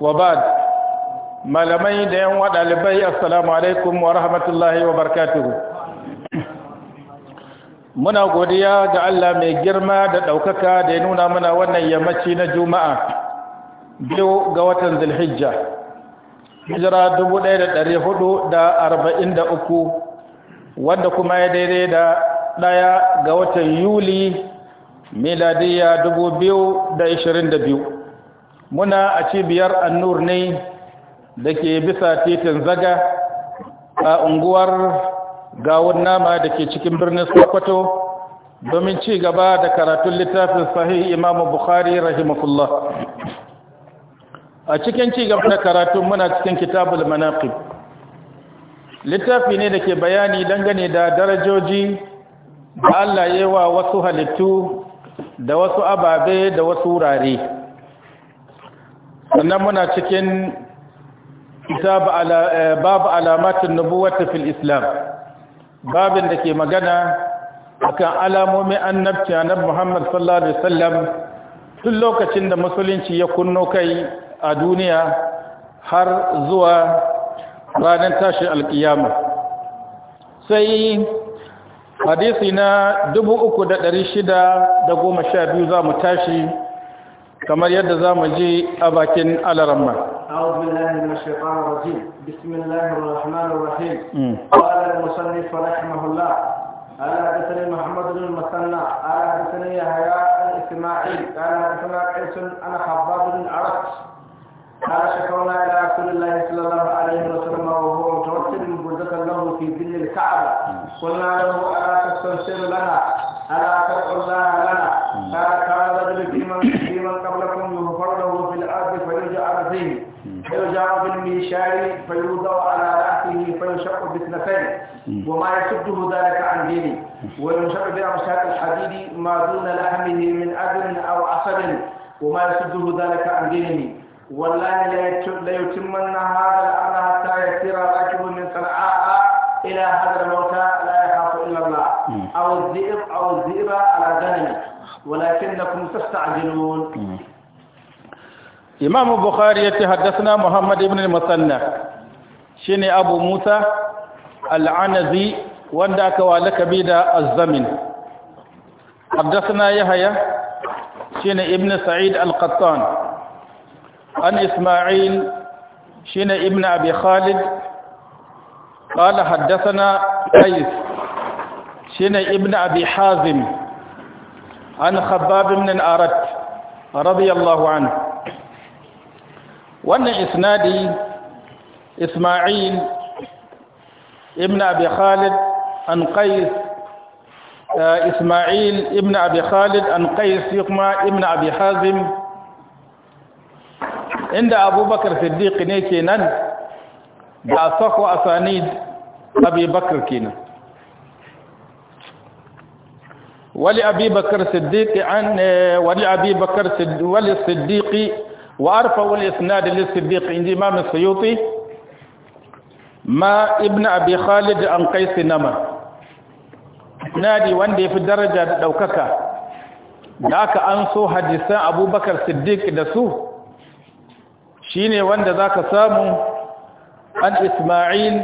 wa ba'd malamai da yan wa ɗalibai assalamu alaikum wa rahmatullahi wa barakatuh muna godiya ga Allah mai girma da ɗaukaka da ya nuna mana wannan yammaci na juma'a biyu ga watan zulhijja hijira 1443 wanda kuma ya daidai da ɗaya ga watan yuli miladiyya 2022 muna a cibiyar annur ne da ke bisa titin zaga a unguwar gawun nama da ke cikin birnin sokoto domin ci gaba da karatun littafin sahih imamu bukhari rahimahullah a cikin ci gaba da karatun muna cikin kitabul manaqib littafi ne da ke bayani dangane da darajoji da Allah yawa wasu halittu da wasu ababe da wasu wurare sannan muna cikin eh, babu alamatin nubuwata fil islam babin da ke magana akan alamomin annabci annab muhammad sallallahu alaihi wasallam tun lokacin da musulunci ya kunno kai a duniya har zuwa ranar tashin alkiyama sai hadisi na 3612 za mu tashi kamar yadda za mu ji a bakin alaramma. أعوذ بالله من الشيطان الرجيم بسم الله الرحمن الرحيم قال المصنف رحمه الله قال حدثني محمد بن المثنى قال حدثني يحيى الاسماعيل قال حدثنا قيس انا حباب بن عرس قال شكونا الى رسول الله صلى الله عليه وسلم وهو متوسل بردة له في ظل الكعبه قلنا له الا تستنصر لنا ألا تدعوا الله لنا قال كان رجل فيمن فيمن قبلكم يغفر له في الأرض فيجعل فيه فيجعل في الميشار فيوضع على رأسه فيشق باثنتين وما يصده ذلك عن دينه وينشق بأمشاك الحديد ما دون لحمه من أذن أو عصب وما يصده ذلك عن دينه والله ليتمن هذا الأمر حتى يسير راكب من صنعاء إلى هذا الموتى لا يخاف إلا الله أو الذئب أو الذئب على غنمي ولكنكم تستعجلون إمام البخاري حدثنا محمد بن المثنى شيني أبو موسى العنزي wanda aka wa lakabi da azzamin حدثنا يحيى شين ابن سعيد القطان عن إسماعيل شين ابن أبي خالد قال حدثنا قيس شن ابن أبي حازم عن خباب بن الأرت رضي الله عنه وأن إسنادي إسماعيل ابن أبي خالد عن قيس آه، إسماعيل ابن أبي خالد عن قيس يقمع ابن أبي حازم عند أبو بكر صديق نيكي نن da sako asanid abi bakar kenan wali abi bakar siddiqi an wali abi bakar wali siddiqi wa arfa wal isnad lis siddiqi inda imam as-suyuti ma ibn abi khalid an qais nama nadi wanda yafi daraja da daukaka da aka an so hadisan abubakar siddiq da su shine wanda zaka samu an isma'il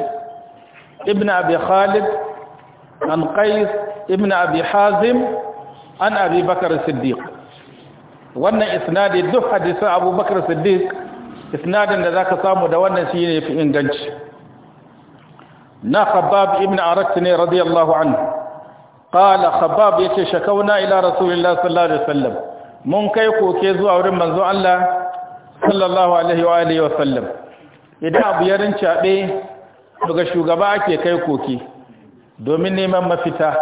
ابن أبي خالد عن قيس ابن أبي حازم عن أبي بكر الصديق وأن إسناد الدف حديث أبو بكر الصديق إسناد ذاك صام دوانا سيني في إنجنش نا خباب ابن أركتني رضي الله عنه قال خباب يتي شكونا إلى رسول الله صلى الله عليه وسلم mun kai koke zuwa wurin manzo Allah sallallahu alaihi wa alihi wa sallam idan abu ya rincabe daga shugaba ake kai koki domin neman mafita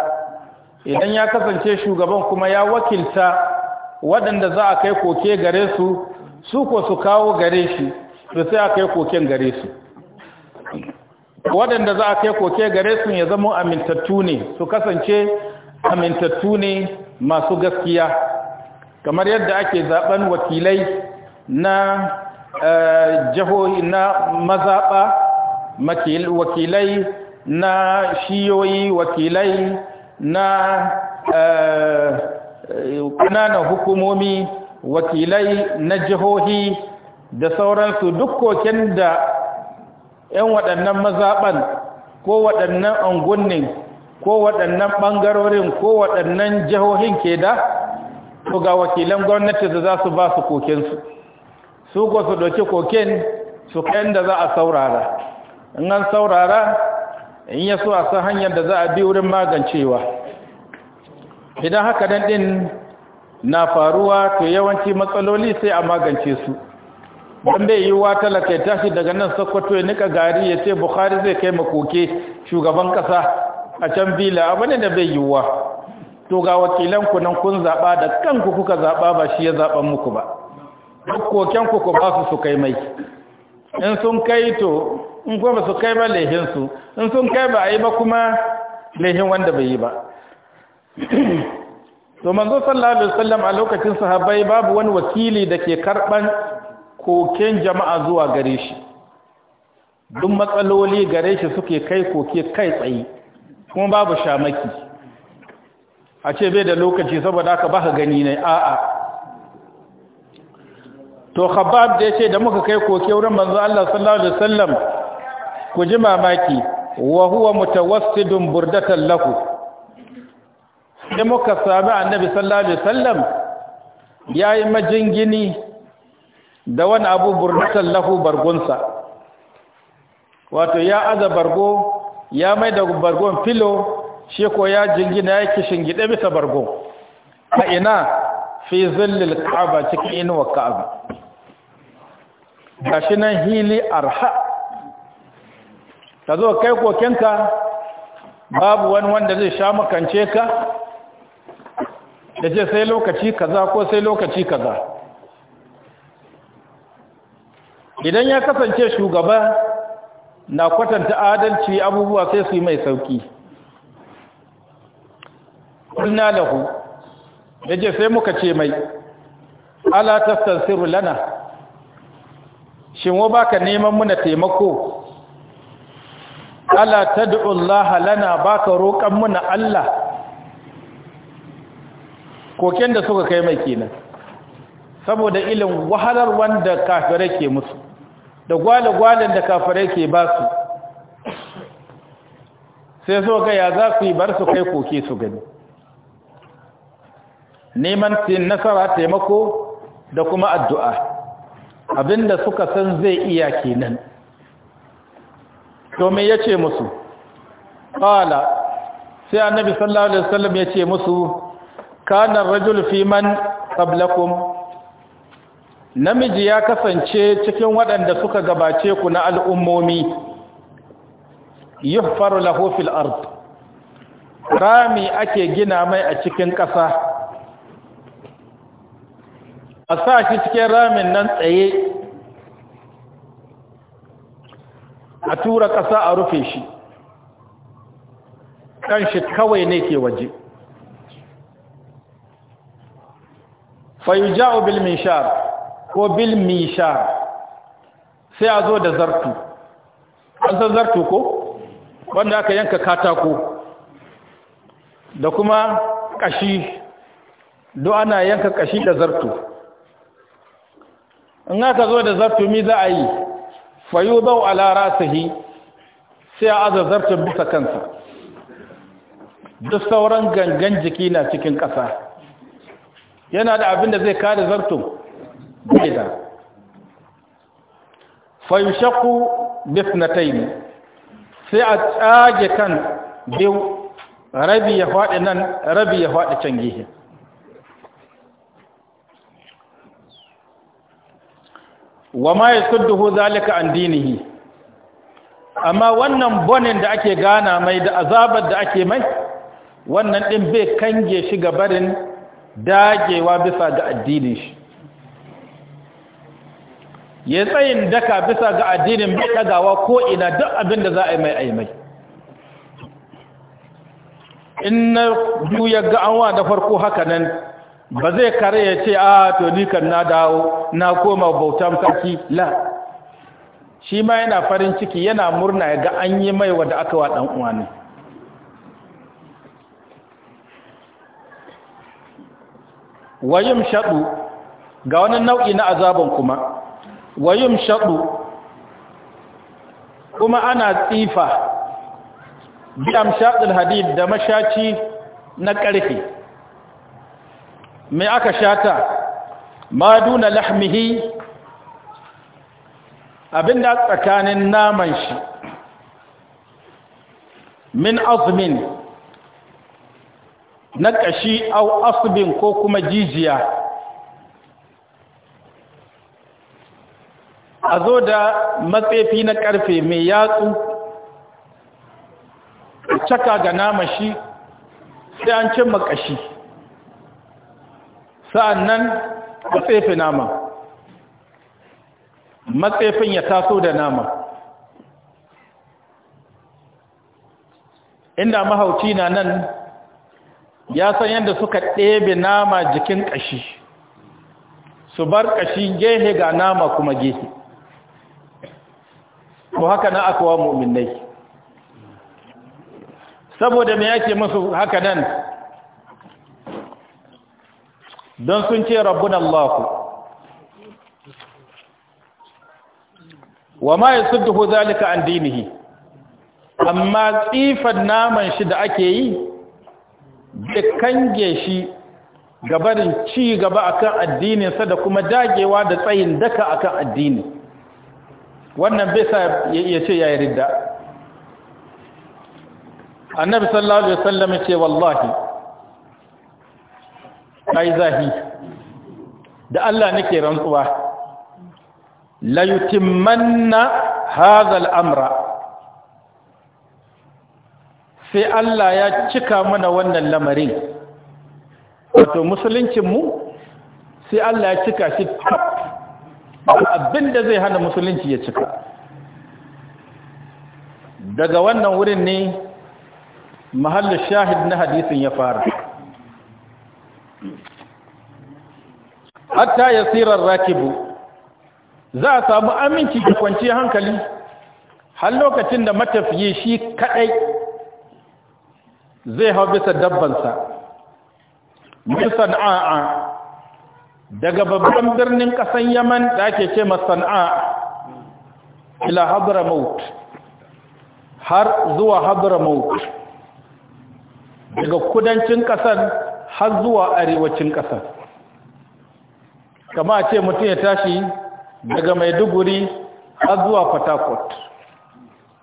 idan ya kasance shugaban kuma ya wakilta waɗanda za a kai koke gare su su ko su kawo gare shi sai a kai koken gare su waɗanda za a kai koke gare su ya zama amintattu ne su kasance amintattu ne masu gaskiya kamar yadda ake zaben wakilai na eh, jihohi na mazaɓa wakilai na shiyoyi wakilai na eh, ƙananan hukumomi wakilai na jihohi da sauransu duk koken da 'yan waɗannan mazaɓan ko waɗannan angunnin ko waɗannan ɓangarorin ko waɗannan jihohin ke da su ga wakilan gwamnati da za su ba su kokensu su ko su ɗauki koken su kayan da za a saurara in an saurara in ya so a san hanyar da za a bi wurin magancewa idan haka dan din na faruwa to yawanci matsaloli sai a magance su don bai yi wa talaka ya tashi daga nan sokoto ya nika gari ya ce bukhari zai kai makoke shugaban kasa a can bila abu ne da bai yiwuwa to ga wakilan ku nan kun zaɓa da kanku kuka zaɓa ba shi ya zaɓan muku ba koken ku ku basu su kai mai in sun kai to in ko ba su kai ba lehinsu in sun kai ba a yi ba kuma lehin wanda bai yi ba to manzo sallallahu alaihi wasallam a lokacin sahabbai babu wani wakili da ke karban koken jama'a zuwa gare shi duk matsaloli gare shi suke kai koke kai tsaye kuma babu shamaki a ce bai da lokaci saboda ba baka gani ne a'a to khabbab da yace da muka kai koke wurin manzo Allah sallallahu alaihi wasallam ku ji mamaki wa huwa mutawassidun burdatan lahu da muka sami annabi sallallahu alaihi wasallam yayi majingini da wani abu burdatan lahu bargunsa wato ya aza bargo ya mai da bargon filo shi ko ya jingina ya kishin gida bisa bargo a ina fi zillil ka'aba cikin inuwa ka'aba gashi nan hili arha ka zo kai kokenka babu wani wanda zai sha makance ka da ce sai lokaci kaza ko sai lokaci kaza idan ya kasance shugaba na kwatanta adalci abubuwa sai su yi mai sauki ƙulna lahu da ce sai muka ce mai ala tastan lana shin wa baka neman muna taimako ala tad'u Allah lana baka roƙan muna Allah koken da suka kai mai kenan saboda ilin wahalar wanda kafirai ke musu da gwale-gwalen da kafirai ke ba su sai so ga ya za ku yi bar su kai koke su gani neman nasara taimako da kuma addu'a abinda suka san zai iya kenan Domin me yace musu qala sai annabi sallallahu alaihi wasallam yace musu kana rajul fi man qablakum namiji ya kasance cikin waɗanda suka gabace ku na al'ummomi yuhfaru lahu fil ard rami ake gina mai a cikin ƙasa a sa shi cikin ramin nan tsaye a tura ƙasa a rufe shi kanshi kawai ne ke waje fayuja'u bil minshar ko bil minshar sai a zo da zartu an san zartu ko wanda aka yanka katako da kuma kashi do ana yanka kashi da zartu in aka zo da zartu mi za a yi fayudau ala rasihi sai a azazarta bisa kansa duk sauran gangan jiki na cikin ƙasa yana da abin da zai kada zarto gida ta yi. sai a tsage kan biyu rabi ya faɗi nan rabi ya faɗi can gihin wa ma yasudduhu zalika an dinihi amma wannan bonin da ake gana mai da azabar da ake mai wannan din bai kange shi ga barin dagewa bisa ga addinin shi ya tsayin daka bisa ga addinin bai tagawa ko ina duk abin da za a yi mai aimai in na juya ga anwa da farko haka nan ba zai kare ya ce a ah, to ni kan na dawo na koma bautan sarki la shi ma yana farin ciki yana murna ya ga an yi mai wanda aka wa dan uwa ne wayum shaɗu ga wani nau'i na azaban kuma wayum shaɗu kuma ana tsifa bi amshaɗul hadid da mashaci na ƙarfe mai aka shata ma duna lahmihi abinda tsakanin naman shi min azmin na ƙashi au asibin ko kuma jijiya a zo da matsefi na ƙarfe mai yatsu caka ga nama shi sai an cimma ƙashi sa'an nan nama matsefin ya taso da nama inda mahauci na nan ya san yadda suka ɗebe nama jikin ƙashi su bar ƙashi gehe ga nama kuma gehe ko haka na akawa mu'minai saboda me yake musu haka nan don sun ce rabbun allahu wa ma yasudduhu zalika an dinihi amma tsifan naman shi da ake yi da kange shi gabarin ci gaba akan addininsa da kuma dagewa da tsayin daka akan addini wannan bai sa ya ce ya yi ridda annabi sallallahu alaihi wasallam ce wallahi ta yi zahi da Allah nake rantsuwa layutin manna hazal amra sai Allah ya cika mana wannan lamarin wato musuluncinmu sai Allah ya cika shi abinda zai hana musulunci ya cika daga wannan wurin ne mahallin shahid na hadisin ya fara hatta ya sirar rakibu za a samu aminci da kwanci hankali har lokacin da matafiye shi kadai zai hau bisa dabbansa a'a. daga babban birnin kasan yaman da ake ce masana'a ila hadramaut har zuwa hadramaut daga kudancin kasan har zuwa arewacin ƙasar kama ce mutum ya tashi daga maiduguri har zuwa fatakot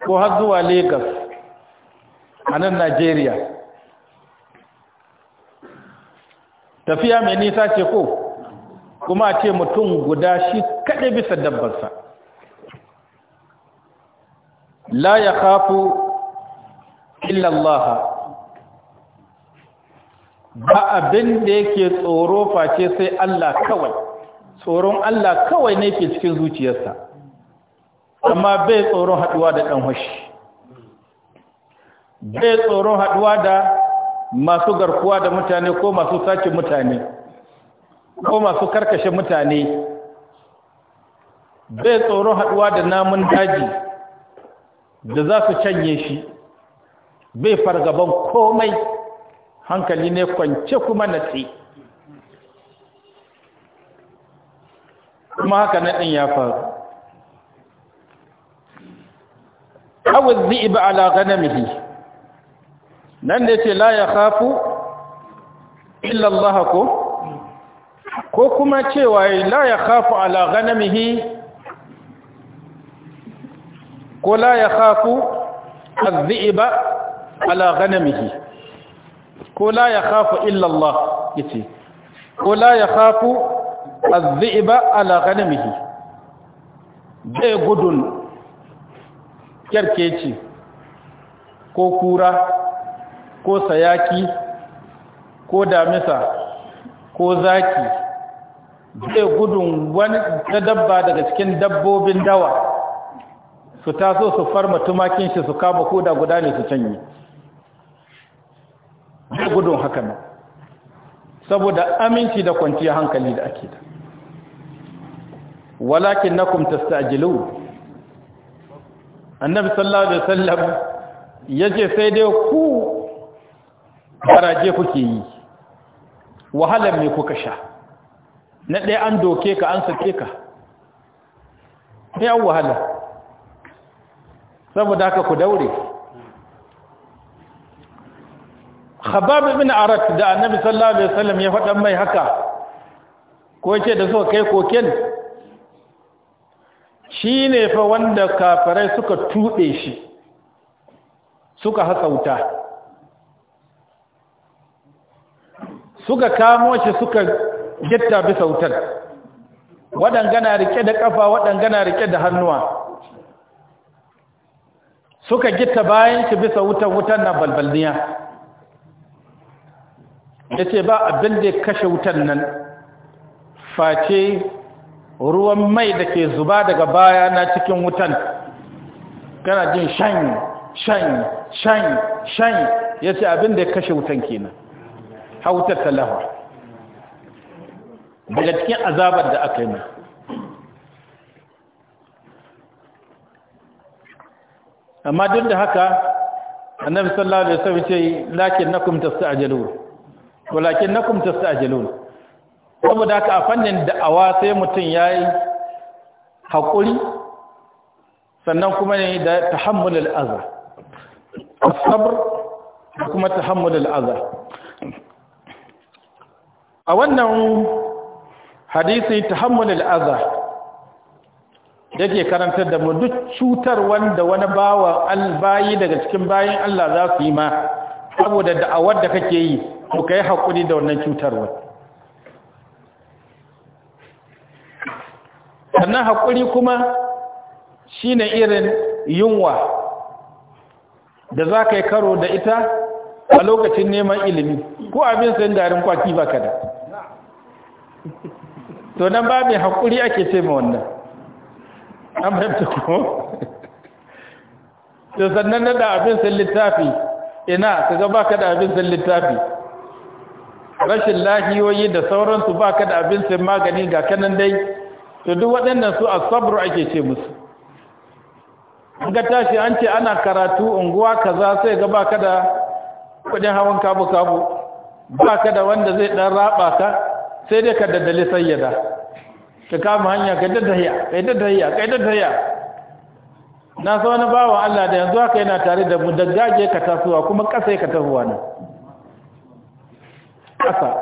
ko har zuwa Legas a nan najeriya tafiya mai nisa ce ko kuma a ce mutum guda shi kaɗe bisa dabbarsa la ya kafu illallah. ba abin da yake tsoro face sai Allah kawai tsoron Allah kawai ne ke cikin zuciyarsa amma bai tsoron haduwa da dan hushi bai tsoron haduwa da masu garkuwa da mutane ko masu sace mutane ko masu karkashe mutane bai tsoron haduwa da namun daji da za su canye shi bai fargaban komai hankali ne kwance kuma natsi kuma haka na ɗin ya faru awon alaƙa na mihi, nan da ce la ya hafu illallah ko ko kuma cewa la ya hafu na mihi, ko la ya hafu alaƙa na mihi. ko la ya khafu Allah yace ko la ya khafu az-zi'ba ala ghanamihi bai gudun kerkeci, ko kura ko sayaki ko damisa ko zaki bai gudun wani ta dabba daga cikin dabbobin dawa su taso su farma tumakin shi su kama koda guda ne su canye da gudun haka nan saboda aminci da kwanciyar hankali da ake da walakin na kumta stajilu annabi sallallahu alaihi wasallam ya ce sai dai ku faraje kuke yi wahalar me kuka sha na ɗaya an doke ka an sake ka ɗayan wahala saboda haka ku daure khabab ibn arat da annabi sallallahu alaihi wasallam ya faɗa mai haka ko yace da suka kai koken shi ne fa wanda kafirai suka tuɗe shi suka hasauta suka kamo shi suka gitta bisa wutar waɗangana rike da ƙafa waɗangana rike da hannuwa suka gitta bayan shi bisa wutan wutan na balbalniya ya ce ba abin da ya kashe wutan nan face ruwan mai da ke zuba daga baya na cikin wutan kana jin shan shan shan shan ya ce abin da ya kashe wutan kenan hautar talawa daga cikin azabar da aka yi amma duk da haka annabi sallallahu alaihi wasallam ce lakin nakum tasta'jilu walakin na kuma tastajilun saboda haka a fannin da'awa sai mutum ya yi haƙuri sannan kuma ne da tahammulul azar sabr da kuma tahammulul al'aza. a wannan hadisi tahammulul azar yake karantar da mu duk cutar wanda wani bawa albayi daga cikin bayan Allah za su yi ma saboda da'awar da kake yi Ko ka yi haƙuri da wannan cutarwa sannan haƙuri kuma shi ne irin yunwa da za ka yi karo da ita a lokacin neman ilimi ko abin sayin garin kwaki ba ka da to nan ba mai haƙuri ake ce ma wannan an ta ko to sannan na da abin sayin littafi ina ka ga ba ka da abin sayin littafi rashin lahiyoyi da sauransu ba ka da abin sai magani ga kanan dai to duk waɗannan su asabru ake ce musu An ka tashi an ce ana karatu unguwa kaza sai ga ba ka da kudin hawan kabu kabu ba ka da wanda zai ɗan raba ka sai dai ka daddale sayyada ka kama hanya ka daddahiya, ka daddahiya, ka daddahiya. na sa wani bawa Allah da yanzu haka yana tare da mu da ka tasowa kuma ƙasa ka tasowa ne ƙasa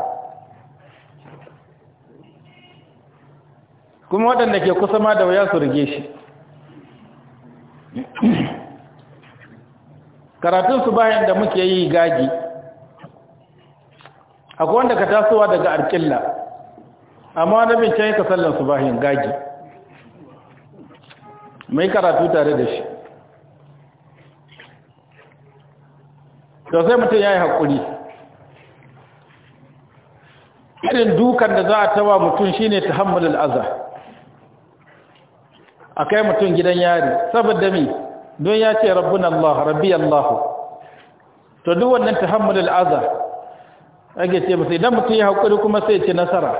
kuma waɗanda ke kusa ma da wuya su rige shi karatunsu bayan da muke yi gagi akwai wanda ka tasowa daga arkilla amma wani bin can yi ka su, bayan gagi mai karatu tare da shi to sai mutum ya yi haƙuri irin dukan da za a taba mutum shine tahammulul azah a kai mutum gidan yari saboda mi don ya ce rabbin Allah rabbi Allah to duk wannan ta tahammulul azah ake ce musu idan mutum ya haƙuri kuma sai ce nasara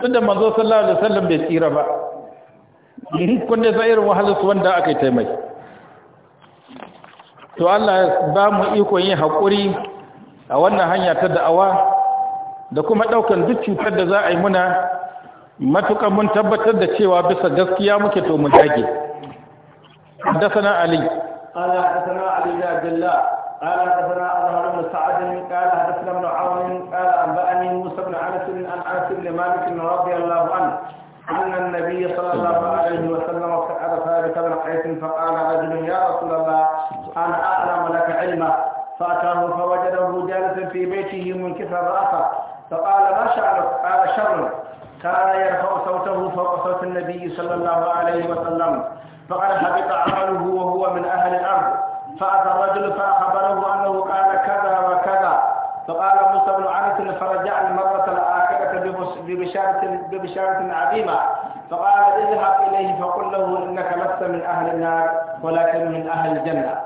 tun da manzo sallallahu alaihi wasallam bai tsira ba kun da sai irin wahalar su wanda aka yi taimai to Allah ba mu iko yin haƙuri a wannan hanya ta da'awa da kuma ɗaukan duk cutar da za a yi muna matuƙa mun tabbatar da cewa bisa gaskiya muke to mu dage da sana ali ala sana ali da dalla ala sana azhar bin sa'ad bin qala hadathna ibn awan bin qala anba'ani musa bin anas bin an anas bin malik bin radiyallahu an anna an-nabiy sallallahu alayhi wa sallam qala thabit bin qais fa qala rajul ya rasulullah ana a'lamu laka ilma fa atahu fa wajadahu jalisan fi baytihi munkisar ra'sah فقال ما شأنك قال شر كان يرفع صوته فوق صوت النبي صلى الله عليه وسلم فقد حبط عمله وهو من أهل الأرض فأتى الرجل فأخبره أنه قال كذا وكذا فقال موسى بن عنس فرجع المرة الآخرة ببشارة, ببشارة عظيمة فقال اذهب إليه فقل له إنك لست من أهل النار ولكن من أهل الجنة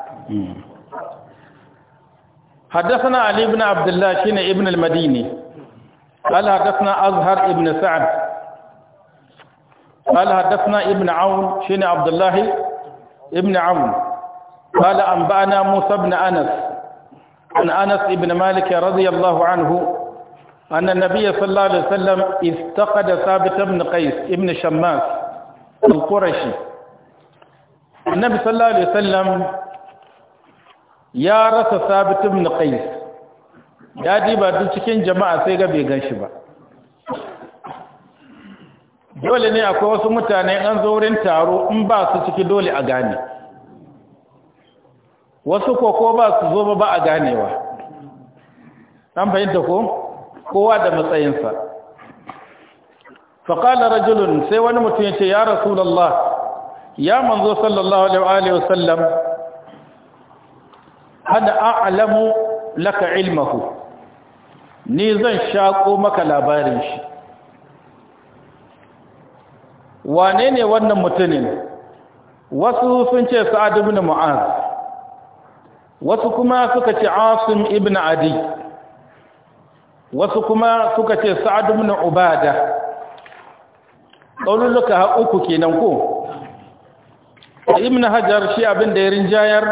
حدثنا علي بن عبد الله كين ابن المديني قال حدثنا أزهر ابن سعد قال حدثنا ابن عون شين عبد الله ابن عون قال أنبأنا موسى بن أنس عن أنس ابن مالك رضي الله عنه أن النبي صلى الله عليه وسلم افتقد ثابت بن قيس ابن شماس القرشي النبي صلى الله عليه وسلم يا رث ثابت بن قيس ya ba duk cikin jama'a sai ga bai gan shi ba dole ne akwai wasu mutane an zo wurin taro in ba su ciki dole a gane wasu koko ba su zo ba a ganewa an fahimta ko kowa da matsayinsa faƙala rajulun sai wani mutum ya ce ya rasulallah ya manzo sallallahu alaihi wasallam hada a'lamu laka ilmahu ni zan shaƙo maka labarin shi wane ne wannan mutumin wasu sun ce sa'ad ibn mu'az wasu kuma suka ce asim ibn adi wasu kuma suka ce sa'ad ibn ubada ƙaunuluka uku kenan ko ibn hajar shi abin da ya rinjayar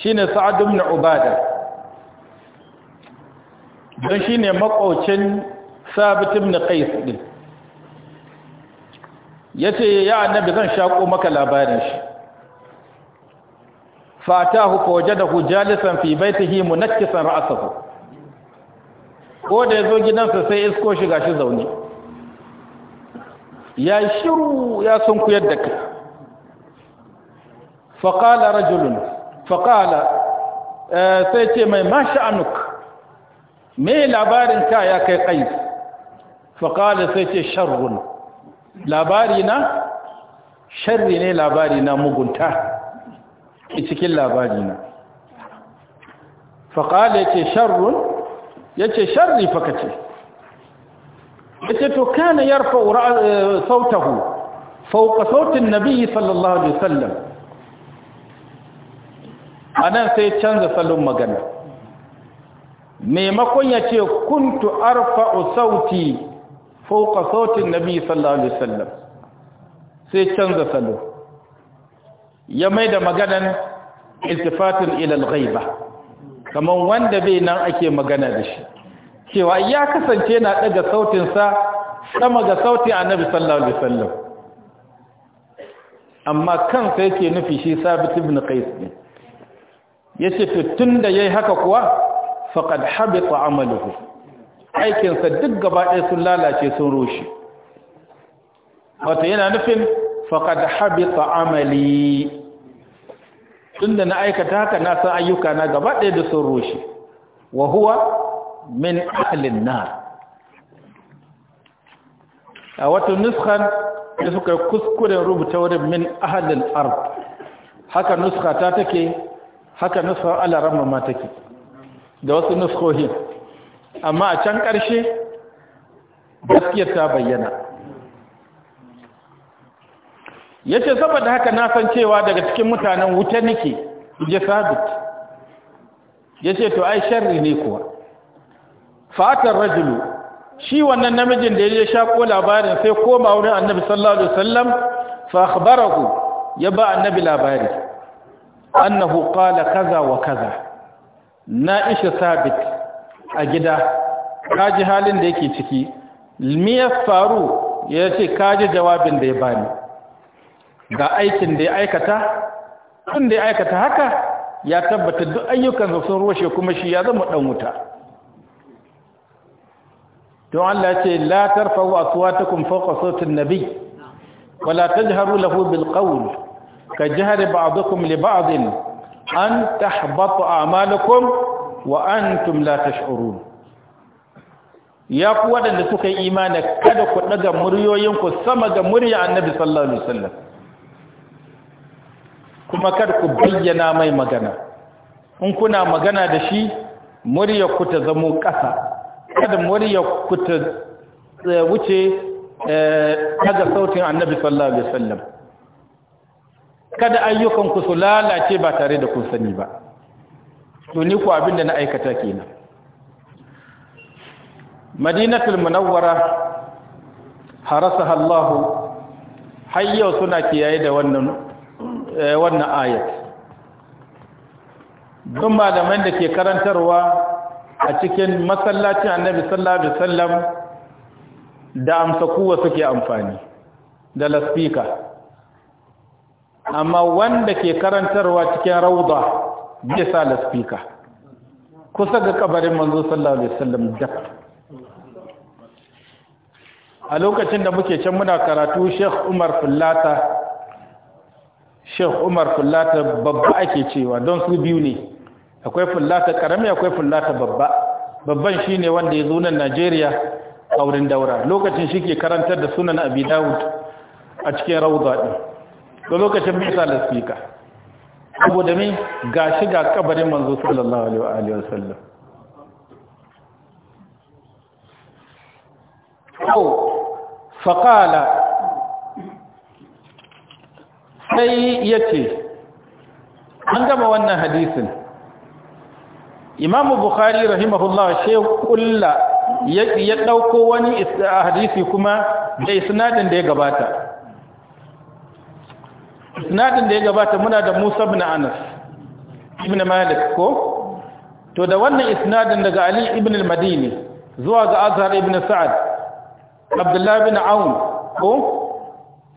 shi ne sa'ad ibn ubada don shi ne makocin sabitin na kais ɗin ya ce ya annabi zan shaƙo maka labarin shi fata huka waje da hujjalisan fi baitihi munakkisan ra'asahu ko da ya zo gidansa sai isko shiga shi zaune ya shiru ya sun da ka. faƙala rajulun faƙala eh, sai ce mai masha'anuk me labarin ka ya kai qais fa sai ce sharrun labari na sharri ne labari na mugunta a cikin labari na fa qala yace sharrun ce sharri fa Ya ce to kana yarfa sautahu fawqa sautin nabi sallallahu alaihi sallam. A nan sai canza salon magana maimakon ya ce kuntu arfa'u sauti fauka sautin nabi sallallahu alaihi wasallam sai canza salo ya mai da maganan iltifatin ilal ba. kamar wanda bai nan ake magana da shi cewa ya kasance na daga sautinsa sama ga sautin annabi sallallahu alaihi wasallam amma kansa yake nufi shi sabit ibn qais ne yace to tunda yayi haka kuwa faqad habita amaluhu aikinsa duk gaba ɗaya sun lalace sun rushe wato yana nufin faqad habita amali tunda na aikata haka na san ayyuka na gaba ɗaya da sun rushe wa huwa min ahalin nar a wata nuskan da suka kuskuren rubuta wurin min ahalin arab haka nuska ta take haka nuska alarama ma take da wasu nuskohin amma a can ƙarshe gaskiyar ta bayyana ya ce saboda haka na san cewa daga cikin mutanen wuta nike je sabit ya ce to ai sharri ne kuwa fatar rajulu shi wannan namijin da ya ko labarin sai koma wurin annabi sallallahu alaihi wasallam fa akhbarahu ya ba annabi labari annahu qala kaza wa kaza na isha sabit a gida kaji halin da yake ciki miya faru ya ce kaji jawabin da ya bani ga aikin da ya aikata tun da ya aikata haka ya tabbata duk ayyukan sun roshe kuma shi ya zama dan wuta don Allah ce la tarfa'u aswatakum fawqa sawti an-nabi wala tajharu lahu bil qawl ka jahri ba'dukum li ba'din an tahbatu a wa antum la tash'urun ya ku waɗanda suka yi imani kada ku daga muryoyinku sama ga murya annabi sallallahu alaihi wasallam kuma kada ku bayyana mai magana in kuna magana da shi murya ku ta zamo ƙasa kada murya ku ta wuce daga sautin annabi sallallahu alaihi wasallam kada ayyukanku su lalace ba tare da kun sani ba to ni ku abin da na aikata kenan madinatul munawwara harasaha Allah hayyau suna kiyaye da wannan eh, wannan ayat duk malaman da ke karantarwa a cikin masallacin annabi sallallahu alaihi wasallam da amsa kuwa suke amfani da laspika amma wanda ke karantarwa cikin rauda bai sa spika kusa ga kabarin manzo sallallahu alaihi wasallam da a lokacin da muke can muna karatu Sheikh Umar Fullata Sheikh Umar Fullata babba ake cewa don su biyu ne akwai Fullata karami akwai Fullata babba babban shine wanda ya zo nan Najeriya a wurin daura lokacin shi ke karantar da sunan Abi Dawud a cikin rauda din da lokacin bisa da speaker saboda me gashi ga kabarin manzo sallallahu alaihi wa sallam faƙala sai ya ce an gama wannan hadisin imamu bukhari rahimahullah kullu ya dauko wani hadisi kuma da isnadin da ya gabata isnadin da ya gabata muna da Musa ibn Anas ibn Malik ko to da wannan isnadin daga Ali ibn al-Madini zuwa ga Azhar ibn Sa'ad Abdullah ibn Aun ko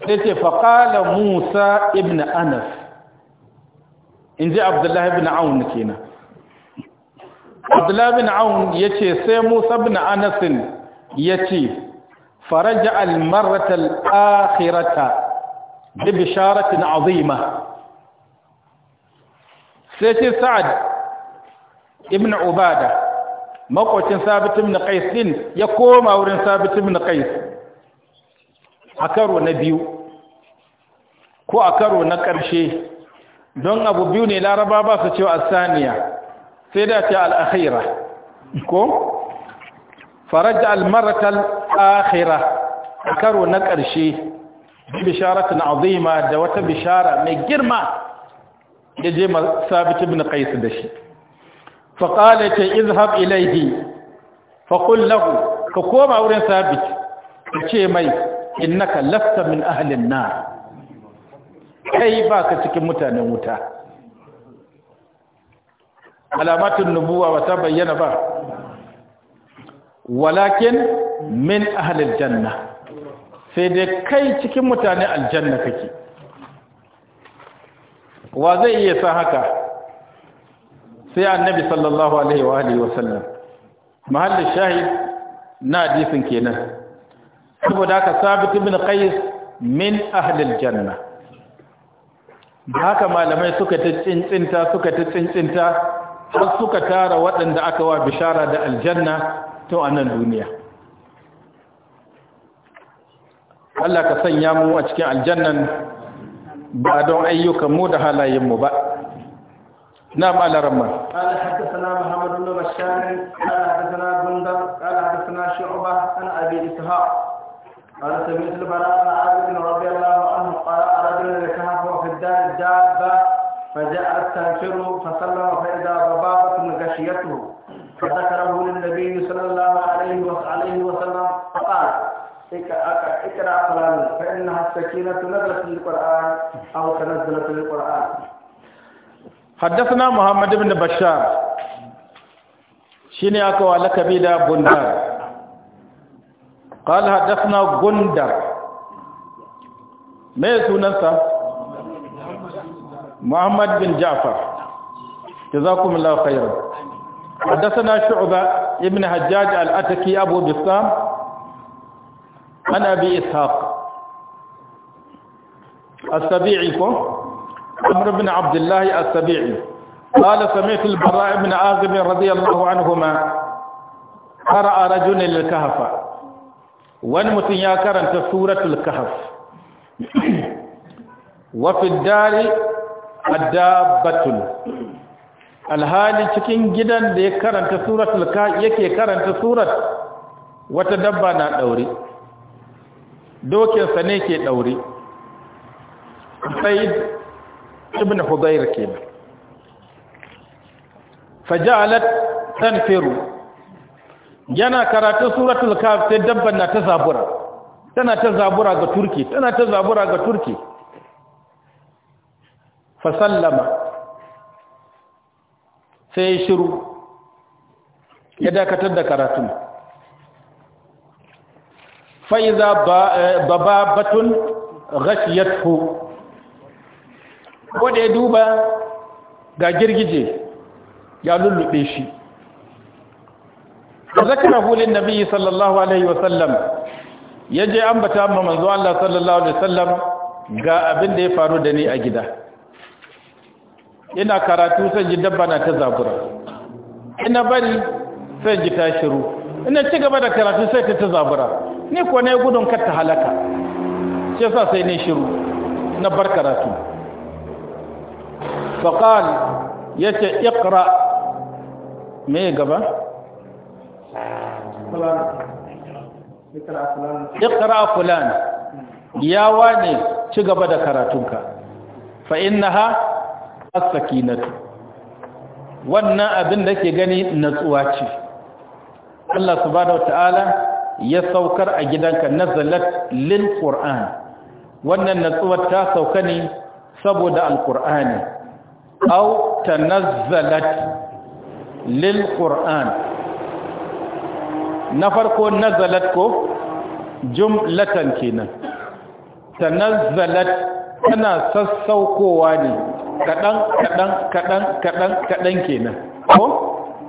sai ce faqala Musa ibn Anas in ji Abdullah ibn Aun kenan Abdullah ibn Aun yace sai Musa ibn Anas yace faraja al-marrata al-akhirata bi bisharatin azima sai ce sa'ad ibn ubada makwacin sabit ibn qais din ya koma wurin sabit ibn qais a karo na biyu ko a karo na ƙarshe don abu biyu ne laraba basu su a saniya sai da ce al'akhira ko faraj al-maratal akhira a karo na ƙarshe bisharatun azima da wata bishara mai girma ya je sabit ibn qais da shi fa qala ta izhab ilayhi fa qul lahu ka koma wurin sabit ka ce mai innaka lafta min ahli an-nar kai baka cikin mutanen wuta alamatun nubuwa wata bayyana ba walakin min ahli al-janna sai dai kai cikin mutane aljanna kake wa zai iya sa haka sai annabi sallallahu alaihi wa alihi shahid na hadisin kenan saboda haka sabit ibn qais min ahli aljanna haka malamai suka ta suka ta tsintsinta har suka tara waɗanda aka wa bishara da aljanna tun a nan duniya Allah ka sanya mu a cikin aljannan ba don ayyukan mu da halayen ba نعم على رمى قال حدثنا محمد بن بشار قال حدثنا بندر قال حدثنا شعبة عن أبي إسحاق قال سمعت البراء بن عازب رضي الله عنه قال رجل يتهافه في الدار الدابة فجاء تنفر فسلم فإذا ضبابة غشيته فذكره للنبي صلى الله عليه وسلم فقال اقرأ فلان فإنها السكينة نزلت في القرآن أو تنزلت في القرآن حدثنا محمد بن بشار شيني أكو على كبيدة بندر قال حدثنا بندر ما يسوننسا محمد بن جعفر جزاكم الله خيرا حدثنا شعبة ابن حجاج الأتكي أبو بسام عن أبي إسحاق السبيعي عمرو بن عبد الله السبيعي قال سمعت البراء بن عازب رضي الله عنهما قرأ رجل الكهف والمتن يا كرنت سورة الكهف وفي الدار الدابة الهالي cikin جدا da سورة الكهف يكي ka سورة وتدبنا دوري dokinsa ne ke ɗaure sai ibn hudayr kenan faja'alat tanfiru yana karatun suratul kaf sai dabban na ta zabura tana ta zabura ga turki tana ta zabura ga turki fa sallama sai shiru ya dakatar da karatun faiza bababatun ghashiyathu ko da ya duba ga girgije ya lullube shi zakara hulin nabi sallallahu alaihi wasallam ya je ambata ma manzo Allah sallallahu alaihi wasallam ga abin ya faru da ni a gida ina karatu sai dabba na ta zabura ina bari sai ta shiru ina ci gaba da karatu sai ta ta zabura ni ko ne gudun kar ta halaka shi yasa sai ne shiru na bar karatu faqal yace iqra me gaba iqra fulan ya wane ci gaba da karatunka fa innaha as tu wannan abin da ke gani natsuwa ce Allah subhanahu wa ta'ala ya saukar a gidanka nazalat lil qur'an wannan natsuwar ta sauka ne saboda alqur'ani aw tanazzalat lil qur'an na farko nazalat ko jumlatan kenan tanazzalat tana sassaukowa ne kadan kadan kadan kadan kadan kenan ko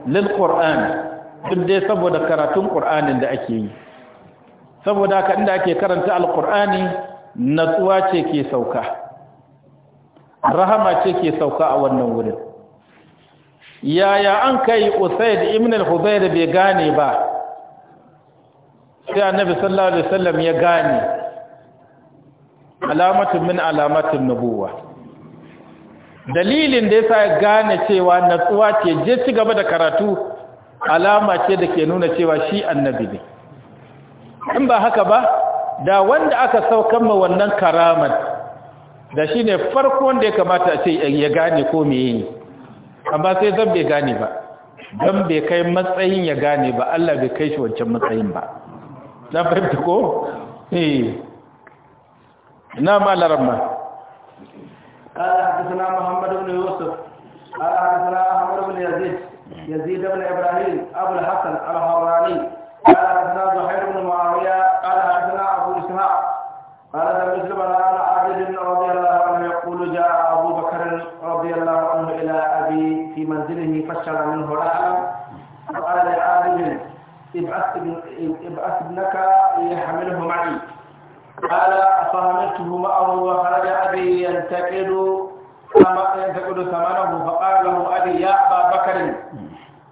lil qur'an duk dai saboda karatun ƙur'anin da ake yi saboda haka inda ake karanta alƙur'ani natsuwa ce ke sauka rahama ce ke sauka a wannan wurin yaya an kai usaid ibn al-hudayr bai gane ba sai annabi sallallahu alaihi wasallam ya gane alamatun min alamatin nubuwa dalilin da yasa ya gane cewa natsuwa ce je ci gaba da karatu alama ce da ke nuna cewa shi annabi ne in ba haka ba da wanda aka saukan ma wannan karaman da shi ne farko wanda ya kamata a ce ya gane ko meye ne amma sai zan bai gane ba don bai kai matsayin ya gane ba Allah bai kai shi wancan matsayin ba na fahimta ko? Eh. na ma larama قال حدثنا محمد بن يوسف قال حدثنا احمد بن يزيد يزيد بن إبراهيم أبو الحسن الهراني قال حدثنا زهير بن معاوية قال حدثنا أبو إسحاق قال لم يسلم عن عبد رضي الله عنه يقول جاء أبو بكر رضي الله عنه إلى أبي في منزله فشر منه رحلا فقال لعابد ابعث ابنك ليحمله معي قال فهمته معه وخرج أبي ينتقل فما ينتقد ثمنه فقال له أبي يا أبا بكر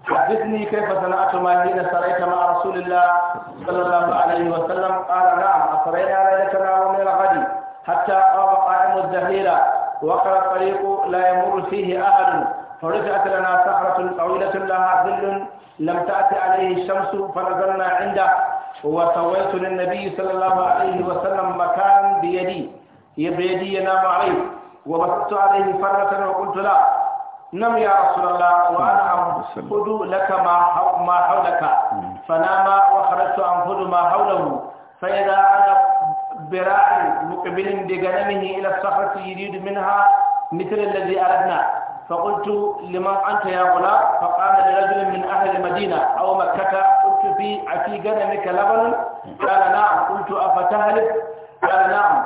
حدثني كيف صنعت ما حين سريت مع رسول الله صلى الله عليه وسلم قال نعم أسرينا ليلتنا ومن غد حتى قام قائم الزهيرة وقال الطريق لا يمر فيه أحد فرجعت لنا صخرة طويلة لها ظل لم تأت عليه الشمس فنزلنا عنده وسويت للنبي صلى الله عليه وسلم مكانا بيدي بيدي ينام عليه وبثت عليه فرة وقلت لا نم يا رسول الله وانا انفض لك ما ما حولك فنام وخرجت انفض ما حوله فاذا انا براع مقبل بغنمه الى الصخره يريد منها مثل الذي اردنا فقلت لمن أنت يا غلام فقال لرجل من أهل المدينة أو مكة قلت في أفي غنمك لبن قال نعم قلت أفتهلك قال نعم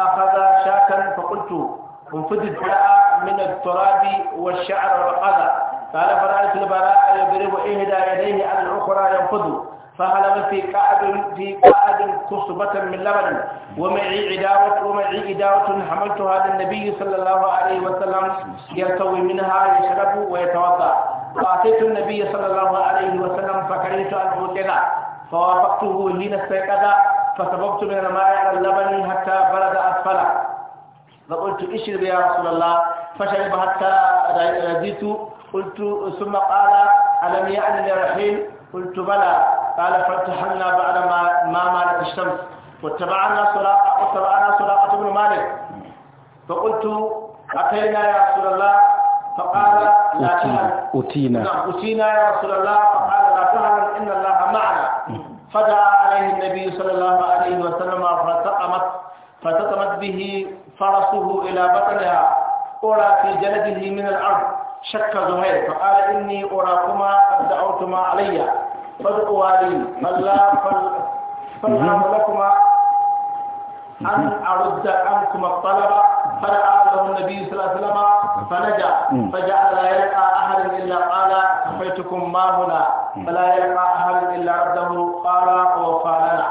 أخذ شاة فقلت انفذ الداء من التراب والشعر والقذى قال فرأيت البراء يضرب إحدى يديه على الأخرى ينفذ فهلم في قعد في قعد كصبة من لبن ومعي عداوة ومعي عداوة حملتها للنبي صلى الله عليه وسلم يرتوي منها يشرب ويتوضأ فأتيت النبي صلى الله عليه وسلم فكرهت أن أوقظه فوافقته حين استيقظ فسببت من الماء على اللبن حتى برد أسفله فقلت اشرب يا رسول الله فشرب حتى رديت قلت ثم قال ألم يعني الرحيل قلت بلى قال فارتحلنا بعد ما, ما مالت الشمس واتبعنا سراقة واتبعنا سراقة بن مالك فقلت أتينا يا رسول الله فقال لا تهل أتينا نعم أتينا يا رسول الله فقال لا تهل إن الله معنا فدعا عليه النبي صلى الله عليه وسلم فتقمت فتقمت به فرسه إلى بطنها أرى في جلده من الأرض شك زهير فقال إني أراكما قد دعوتما علي فادعوا لي فلا فالأمر لكما أن أرد عنكما الطلب فدعا له النبي صلى الله عليه وسلم فنجا فجعل لا يلقى احدا إلا قال كفيتكم ما هنا فلا يقع أحد إلا عبده قال ووفى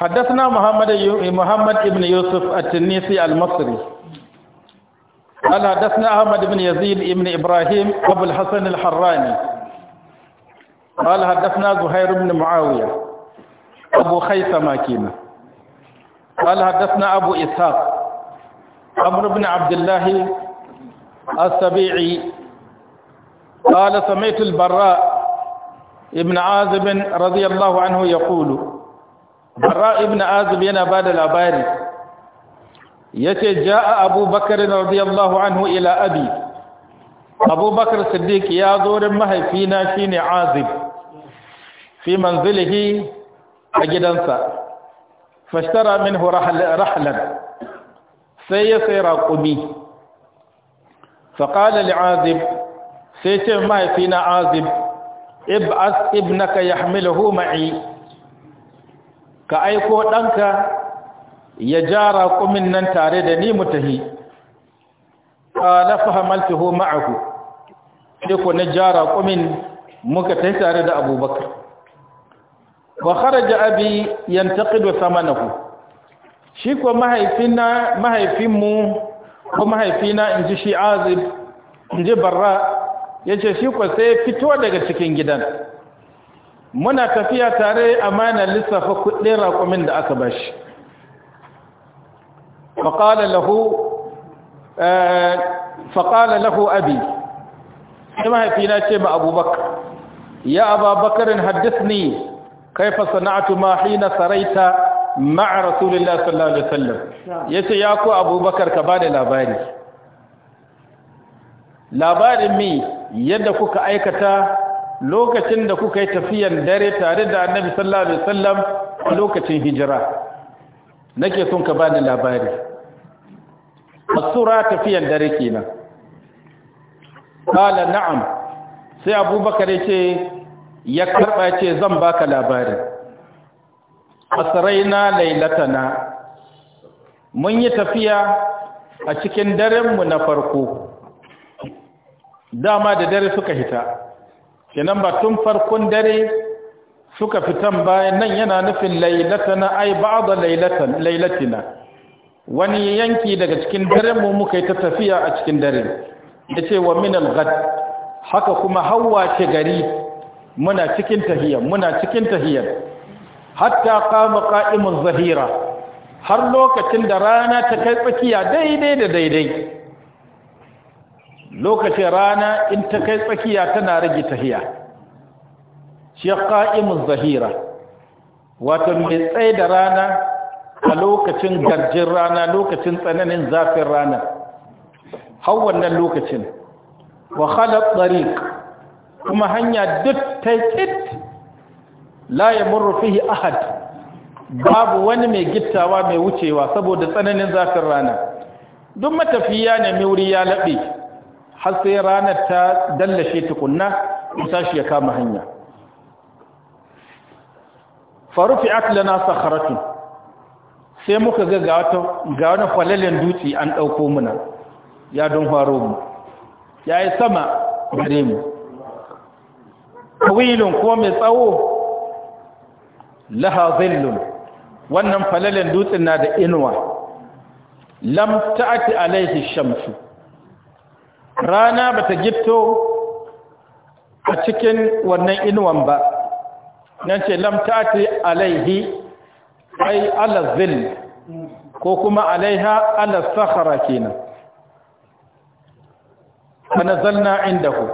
حدثنا محمد محمد بن يوسف التنيسي المصري قال حدثنا أحمد بن يزيد بن إبراهيم أبو الحسن الحراني قال حدثنا زهير بن معاوية أبو خيثمة كينا قال حدثنا أبو إسحاق عمرو بن عبد الله السبيعي قال سمعت البراء ابن عازب رضي الله عنه يقول براء ابن عازب ينا بعد الأباري يتي جاء أبو بكر رضي الله عنه إلى أبي أبو بكر الصديق يا زور مهي فينا شين عازب في منزله أجدنسا فاشترى منه رحل رحلا سيسير قمي فقال لعازب sai ce mahaifina azib ib'as ibnaka yahmiluhu ma'i ka aiko ɗanka ya jara kumin nan tare da ni mutahi qala fahamaltuhu ma'ahu sai ko na jara kumin muka tai tare da abubakar wa kharaja abi yantaqidu thamanahu shi ko mahaifina mahaifinmu ko mahaifina inji shi azib inji barra Yace ce shi kwa sai fito daga cikin gidan muna tafiya tare amana lissafa kudin raƙumin da aka bashi eh, faƙala lahu abi sai mahaifina ce ma abubakar ya ababakarin haddis ne kaifa sana'atu ma hina saraita ma'a rasulullah sallallahu alaihi wasallam yace ya ku abubakar ka bada labari labarin mi yadda kuka aikata lokacin da kuka yi tafiyan dare tare da annabi sallallahu alaihi wasallam a lokacin hijira nake son ka bani labari asura tafiyan dare kenan qala na'am sai abubakar yace ya karba yace zan baka labari asraina lailatana mun yi tafiya a cikin daren mu na farko dama da dare suka hita kenan ba tun farkon dare suka fitan bayan nan yana nufin lailatana ai ba'da lailatan lailatina wani yanki daga cikin dare mu muka ta tafiya a cikin dare yace wa min al-ghad haka kuma hawa ce gari muna cikin tahiyya muna cikin tahiyya hatta qama qa'imuz zahira har lokacin da rana ta kai tsakiya daidai da daidai lokacin rana in ta kai tsakiya tana rage tahiya shi qa'imu zahira wato mai tsaye da rana a lokacin garjin rana lokacin tsananin zafin rana har wannan lokacin wahala khala kuma hanya duk ta tsit la yamurru ahad babu wani mai gittawa mai wucewa saboda tsananin zafin rana duk matafiya ne mai wuri ya laɓe har sai ranar ta dallashe tukunna tashi ya kama hanya farufi aklana sakharatu sai muka ga ga wani kwalalen dutse an ɗauko muna ya don faro mu yayi sama gare mu kawilin ko mai tsawo laha zillun wannan falalen dutsen na da inuwa lam ta'ati alaihi shamsu rana ba ta gitto a cikin wannan inuwan ba nan ce lamtati alaihi ai ala zil ko kuma alaiha ala sahara kenan inda ku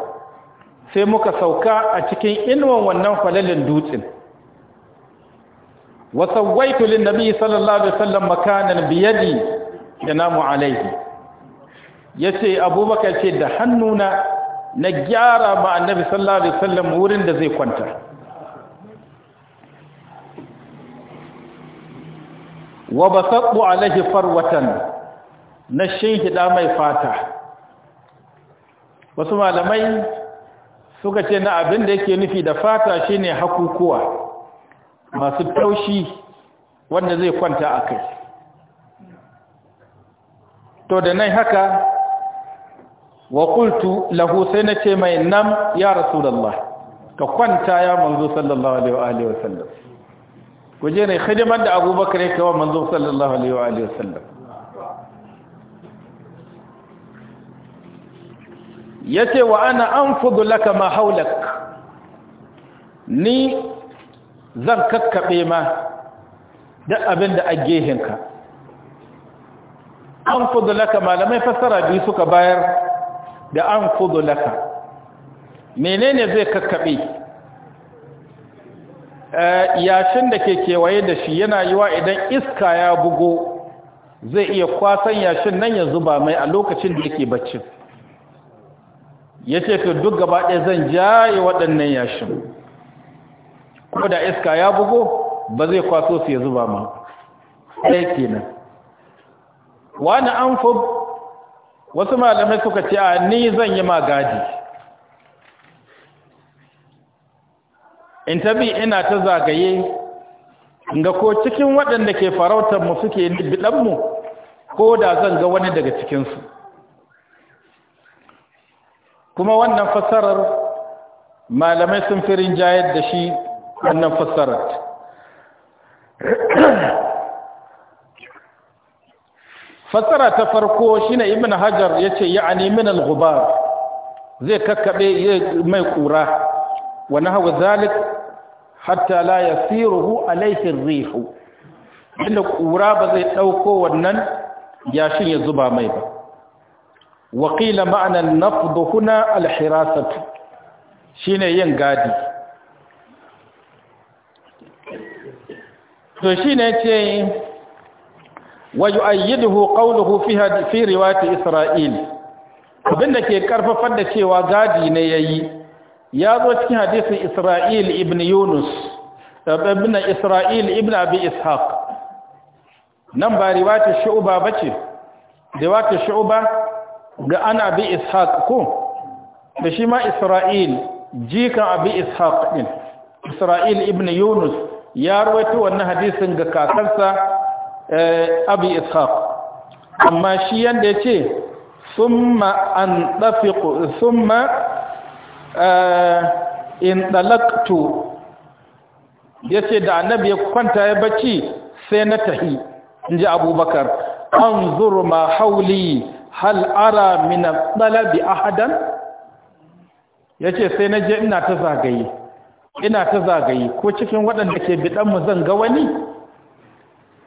sai muka sauka a cikin inuwan wannan falalin dutsen wasan lin nabi sallallahu alaihi wasallam makanan biyadi yanamu alaihi ya ce abubakar ce da hannuna na gyara ma annabi sallallahu alaihi wasallam wurin da zai kwanta wa a alaihi farwatan na shinhida mai fata wasu malamai suka ce na abin da yake nufi da fata shine hakukuwa masu taushi wanda zai kwanta a kai to da nan haka wa qultu lahu sai nace mai nam ya rasulullah ka kwanta ya manzo sallallahu alaihi wa sallam ku je ne khidmar da abubakar yake wa manzo sallallahu alaihi wa sallam yace wa ana anfudu laka ma haulak ni zan kakkaɓe ma duk abin da a gehenka anfudu laka malamai fassara biyu suka bayar da an kudu laka menene zai kakkaɓe eh, yashin da ke kewaye da shi yana yiwa idan iska ya bugo zai iya kwasan yashin nan ya zuba mai a lokacin da yake bacci ya ce to duk gaba ɗaya zan jaye waɗannan yashin ko da iska ya bugo ba zai kwaso su ya zuba ma ɗaya kenan wani an wasu malamai suka ce a ni zan yi ma gadi in tabi ina ta zagaye ga ko cikin waɗanda ke farautar mu suke biɗanmu ko da zan ga wani daga cikinsu kuma wannan fassarar malamai sun firin jayar da shi wannan fassarar fassara ta farko shine ibn hajar yace ya'ani min al-ghubar zai kakkabe mai kura wa nahwa zalik hatta la yasiruhu alayhi ar-rihu inda kura ba zai dauko wannan yashin ya zuba mai ba wa qila ma'na an-nafd huna al-hirasatu shine yin gadi to shine ce ويؤيده قوله فيها في رواية إسرائيل abin da ke karfafar da cewa gadi ne ya yi ya zo cikin hadisin isra'il ibn yunus ibn isra'il ibn abi ishaq nan ba riwata shu'uba ba ce riwata shu'uba ga an abi ishaq ko da shi ma isra'il jikan abi ishaq din isra'il ibn yunus ya rawaito wannan hadisin ga kakarsa Eh, abi ishaq amma shi yanda ya ce summa an summa eh, in dalaktu ya da annabi ya kwanta ya bacci sai na tahi in ji abubakar an ma hauli hal ara min ɗalabi ahadan ya sai na je ina ta zagaye ina ta zagaye ko cikin waɗanda ke biɗanmu zan ga wani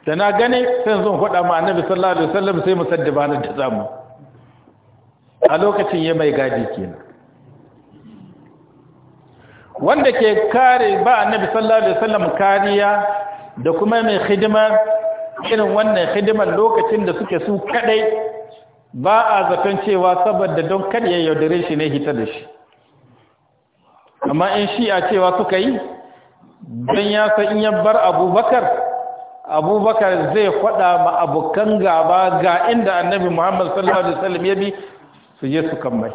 da na gane sai zan faɗa ma annabi sallallahu alaihi wasallam sai ba nan da zamu a lokacin ya mai gadi kenan wanda ke kare ba annabi sallallahu alaihi wasallam kariya da kuma mai hidima irin wannan hidimar lokacin da suke su kadai ba a zaton cewa saboda don kadai ya yaudare shi ne hita da shi amma in shi a cewa suka yi don ya san in ya bar abubakar abubakar zai faɗa ma abokan gaba ga inda annabi muhammad sallallahu alaihi wasallam ya bi su je su kammai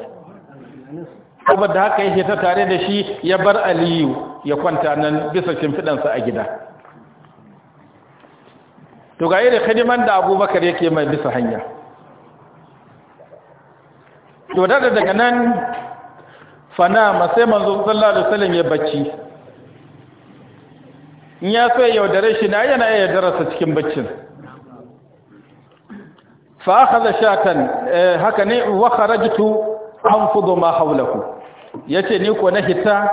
kuma da haka yake ta tare da shi ya bar aliyu ya kwanta nan bisa shimfiɗansa a gida to ga irin hidiman da abubakar yake mai bisa hanya to da daga nan fana sai manzo sallallahu alaihi wasallam ya bacci in ya so ya yaudare shi na yana ya yaudararsa cikin baccin fa akhadha shatan eh, haka ne wa kharajtu anfudu ma hawlaku yace ni ko na hita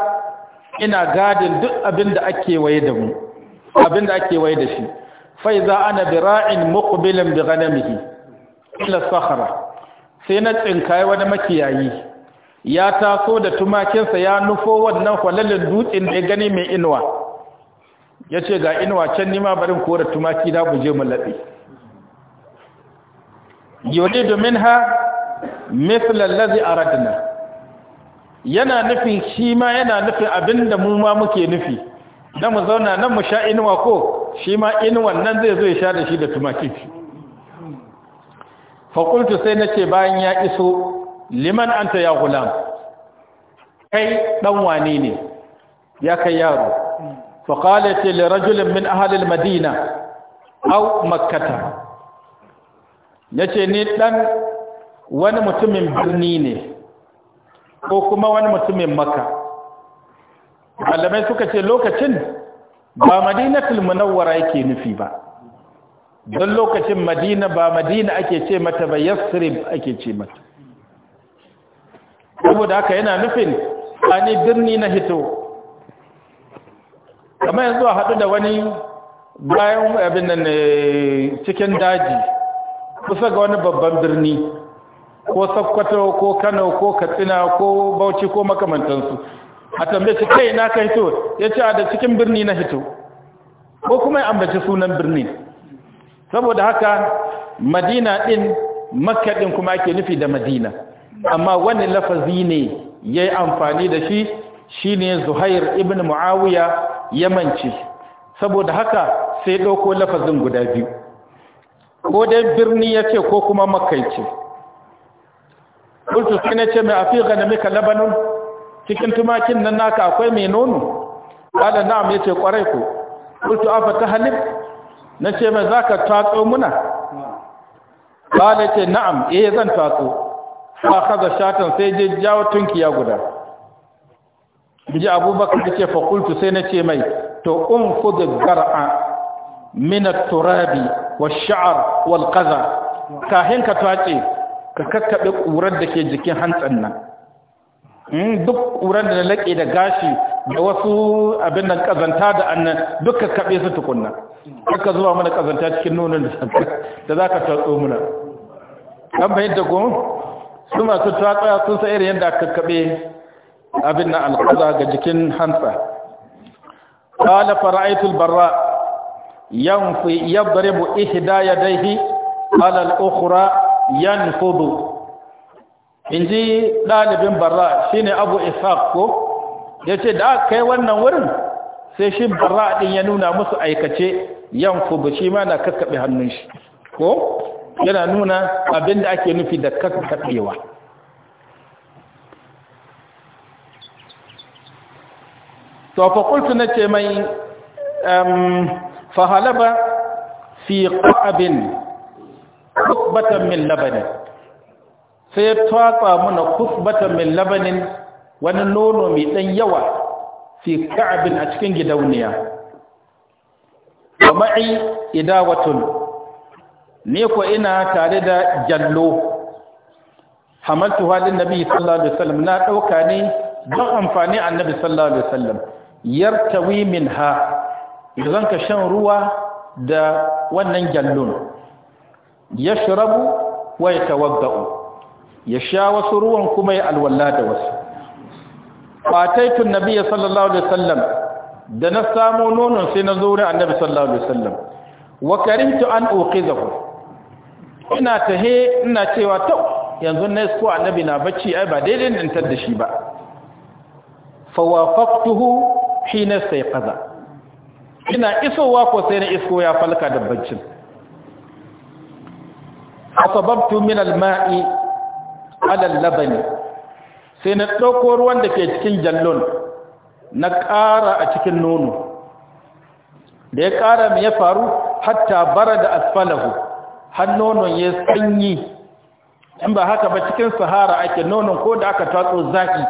ina gadin duk abin abinda ake waye da mu abin da ake waye da shi fa idza ana bira'in muqbilan bi ghanamihi ila sakhara. sai na tsinkaye wani makiyayi ya taso da tumakinsa ya nufo wannan kwalalin dutsen da ya gani mai inuwa ya ce ga inuwa can nima barin kora tumaki na buje mu domin ha minha mithla allazi aradna yana nufin shi ma yana nufin abinda mu ma muke nufi na mu zauna nan mu sha inuwa ko shi ma inuwa nan zai zo ya sha da shi da tumaki fakultu sai na ce bayan ya iso liman anta ya gulam kai dan wane ne ya kai yaro فقالت لرجل من أهل المدينة أو مكة yace ni dan wani mutumin birni ne ko kuma wani mutumin maka malamai suka ce lokacin ba madinatul munawwara yake nufi ba don lokacin madina ba madina ake ce mata ba yasrib ake ce mata saboda haka yana nufin ani birni na hito kamar yanzu a haɗu da wani bayan abin nan eh, cikin daji kusa ga wani babban birni ko sakkwato ko kano ko katsina ko bauchi ko makamantansu a tambaye shi kai na ka hito ya ce a da cikin birni na hito ko kuma ya ambaci sunan birni saboda haka madina ɗin makka ɗin kuma ake nufi da madina amma wani lafazi ne ya yi amfani da shi shine ne zuhair ibn mu'awiya Yamanci saboda haka sai ɗauko lafazin guda biyu ko dai birni ya ce ko kuma makaice kultu sai na ce mai afi mika labanin cikin tumakin nan naka akwai mai nono ƙada na'am ya ce ƙwarai ko kultu afa ta halib na ce mai za ka tatso muna ƙada ce na'am iya eh, zan tatso ba kaza shatan sai je jawo tunkiya guda ji abubakar ya ce fakultu sai na ce mai to un fudu gara'a minar turabi wa sha'ar wal kaza kahin ka tace ka kakkaɓe ƙurar da ke jikin hantsan nan hmm, duk ƙurar da na laƙe da gashi da wasu abin nan ƙazanta da annan duk ka kaɓe su tukunna ka zuba mana ƙazanta cikin nonon da za ka tatso muna an bayan da goma su masu tatsa sun sa irin yadda kakkaɓe abin na alƙaza ga jikin hansa barra, yan al-barra yanfi ya ihda alal ukura yan fudu in inji ɗalibin barra shine abu ishak ko Ya ce da kai wannan wurin sai shi barra ɗin ya nuna musu aikace Yan fudu shi ma na kakkaɓe hannun shi ko yana nuna abin da ake nufi da kakkaɓewa to fa qultu ce mai um fa halaba fi qa'bin kubatan min labanin sai ya twatsa muna kubatan min labanin wani nono mai dan yawa fi ka'abin a cikin gidauniya wa ma'i idawatun ne ko ina tare da jallo hamaltu halin nabi sallallahu alaihi wasallam na dauka ne don amfani annabi sallallahu alaihi wasallam yartawi minha idan ka shan ruwa da wannan gyallon yashrabu wa yatawadda'u ya sha wasu ruwan kuma ya alwala da wasu fataitun nabiyyi sallallahu alaihi sallam da na samu nonon sai na zo annabi sallallahu alaihi wasallam wa karimtu an uqizahu ina tahe ina cewa ta yanzu na isko annabi na bacci ai ba daidai in da shi ba fawafaqtuhu hina sai kaza ina isowa ko sai na isko ya falka da baccin asababtu min alma'i ala al sai na dauko ruwan da ke cikin jallon na ƙara a cikin nono da ya ƙara mai ya faru hatta bara da asfalahu har nonon ya sanyi in ba haka ba cikin sahara ake nonon ko da aka tatso zaki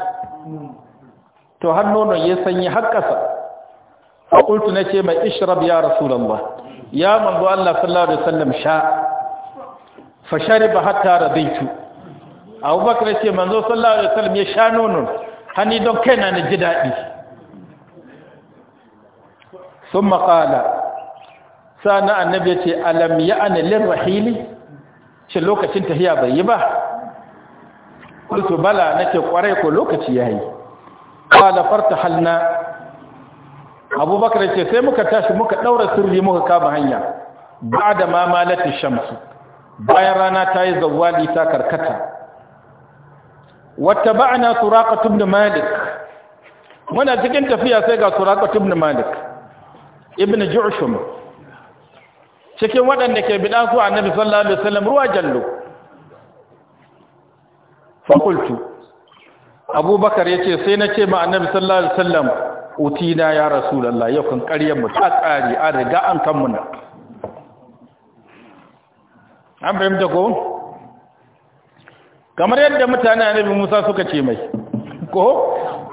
to har nono ya sanyi har ƙasa a ƙultu na ce mai ishrab ya ba. ya manzo Allah sallallahu alaihi wasallam sha fa shariba hatta radaitu abubakar ce manzo sallallahu alaihi wasallam ya sha nonon hannu don kaina na ji daɗi sun maƙala sa'ana annabi ya ce alam ya anilin rahili ce lokacin tahiya bai yi ba ƙultu bala na ce ƙwarai ko lokaci ya yi qala fartahalna abubakar ce sai muka tashi muka daura sirri muka kama hanya Ba ma malati shamsu bayan rana ta yi zawali ta karkata wata ba'ana suraqatu ibn malik muna cikin tafiya sai ga suraqatu ibn malik ibn ju'shum cikin waɗanda ke biɗa a annabi sallallahu alaihi ruwa jallo fa abubakar ya ce sai na ce ma annabi sallallahu alaihi wasallam utina ya rasulullah yau kan ƙaryar mu ta tsari a riga an kan muna an fahimta ko kamar yadda mutane annabi Musa suka ce mai ko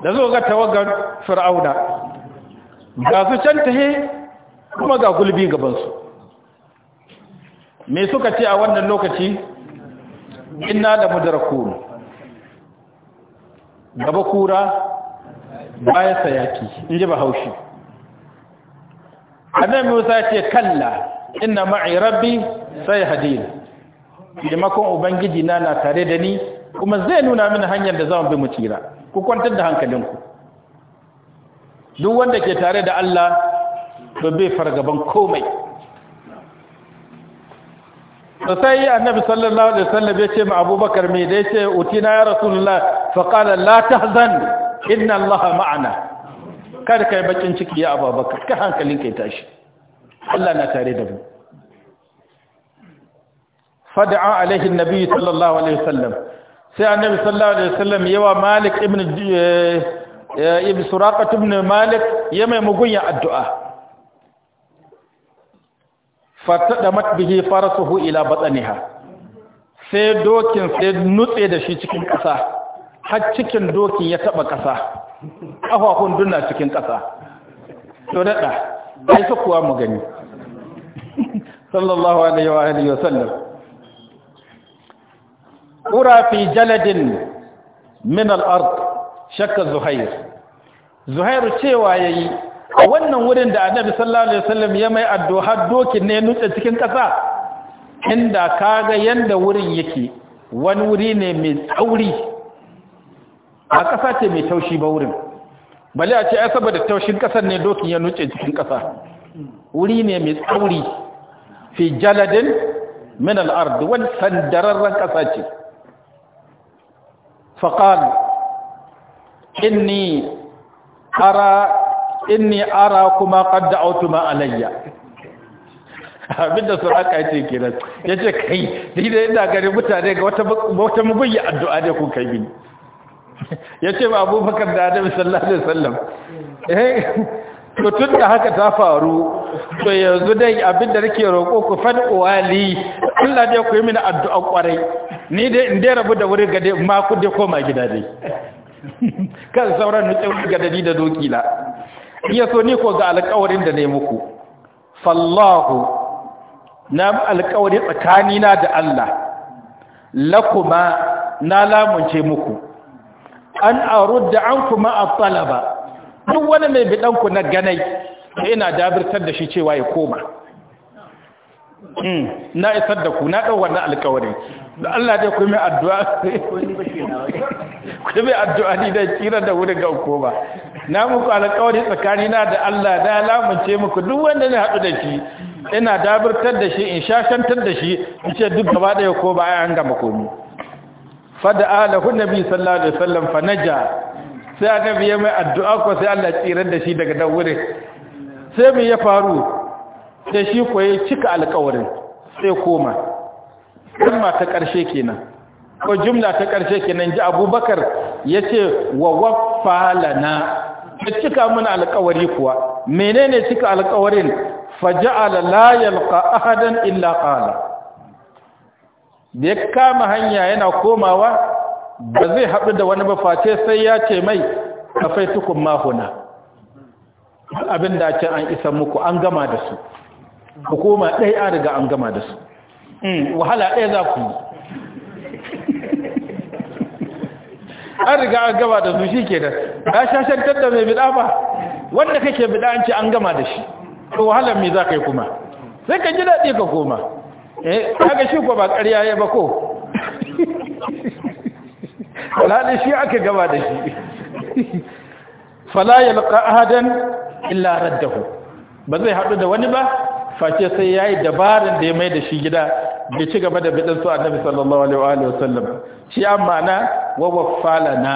da zo ga tawagar fir'auna ga su can tahe kuma ga gulbi gaban su me suka ce a wannan lokaci inna da mudarakun gaba kura baya sayaki in ji bahaushe annabi musa ce kalla inna ma'i rabbi sai hadin limakon ubangiji na na tare da ni kuma zai nuna mini hanyar da zan bi mu tira ku kwantar da hankalinku duk wanda ke tare da Allah to bai fargaban komai sai annabi sallallahu alaihi wasallam ya ce ma abubakar me da yace utina ya rasulullah faƙala la tahzan inna allaha ma'ana kada ka yi bakin ciki ya baka ka hankalin yi tashi Allah na tare da mu fada'a alaihi nabi sallallahu alaihi wasallam sai annabi sallallahu alaihi wasallam yawa malik ibn eh, ibn suraqah ibn malik ya mai mugunya addu'a fatadamat bihi farasuhu ila batniha sai dokin sai nutse da shi cikin ƙasa har cikin doki ya taba ƙasa ƙafafun duna cikin ƙasa to daɗa ai fi kuwa mu gani sallallahu alaihi wa alihi wa sallam qura fi jaladin min al shakka zuhair zuhair cewa ya yi, a wannan wurin da annabi sallallahu alaihi wasallam ya mai addu'a dokin ne nutse cikin ƙasa inda kaga yanda wurin yake wani wuri ne mai tsauri a ƙasa ce mai taushi ba wurin bale a ce ai saboda taushin ƙasar ne dokin ya nuce cikin ƙasa wuri ne mai tsauri fi jaladin min al-ard sandararren ƙasa ce faqal inni ara inni ara kuma qad da'awtu ma alayya abinda suraka yace kenan yace kai dai da ina gari mutane ga wata wata yi addu'a ne kun kai mini ya ce ba abubakar da adam sallallahu alaihi wasallam eh to tun da haka ta faru to yanzu dai abinda nake roƙo ku fad wali Allah dai ku yi mini addu'a kwarai ni dai in dai rabu da wuri gade ma ku dai koma gida dai kan sauran nutse ce gade ni da doki la iya so ni ko ga alƙawarin da nayi muku fallahu na alƙawari tsakanina da Allah lakuma na lamunce muku an da an kuma a ba duk wani mai bidanku na ganai da ina dabirtar da shi cewa ya koma hmm, na isar da ku na ɗau na alkawarin da Allah dai kuma addu'a kuma addu'a ni da kira da wurin ga ba na muku alkawari tsakani na da Allah da lamunce muku duk wanda ne haɗu da shi ina dabirtar da shi in shashantar da shi in ce duk gaba ɗaya ko ba ya an gama komi fada alahu nabi sallallahu alaihi wasallam fa naja sai annabi ya mai addu'a ko sai Allah tsirar da shi daga dan wurin sai me ya faru sai shi ko ya cika alƙawarin sai koma kuma ta ƙarshe kenan ko jumla ta ƙarshe kenan ji abubakar ya ce wa waffa lana ya cika mana alƙawari kuwa menene cika alƙawarin faja'ala la yalqa ahadan illa qala da ya kama hanya yana komawa ba zai haɗu da wani ba face sai ya ce mai kafai tukun mahuna abin da ce an isa muku an gama da su hukuma ɗaya an riga an gama da su hmm, wahala ɗaya za ku yi an riga an gama da su shi ke da ya shashantar da mai bida ba wanda kake bida an ce an gama da shi to wahalar me za ka yi kuma sai ka ji daɗi ka koma eh kaga shi ko ba ƙarya ya ba ko alhali shi aka gaba da shi fala yalqa ahadan illa raddahu ba zai haɗu da wani ba face sai yayi dabaran da ya mai da shi gida bai ci gaba da bidan su annabi sallallahu alaihi wa sallam shi amma na wa na.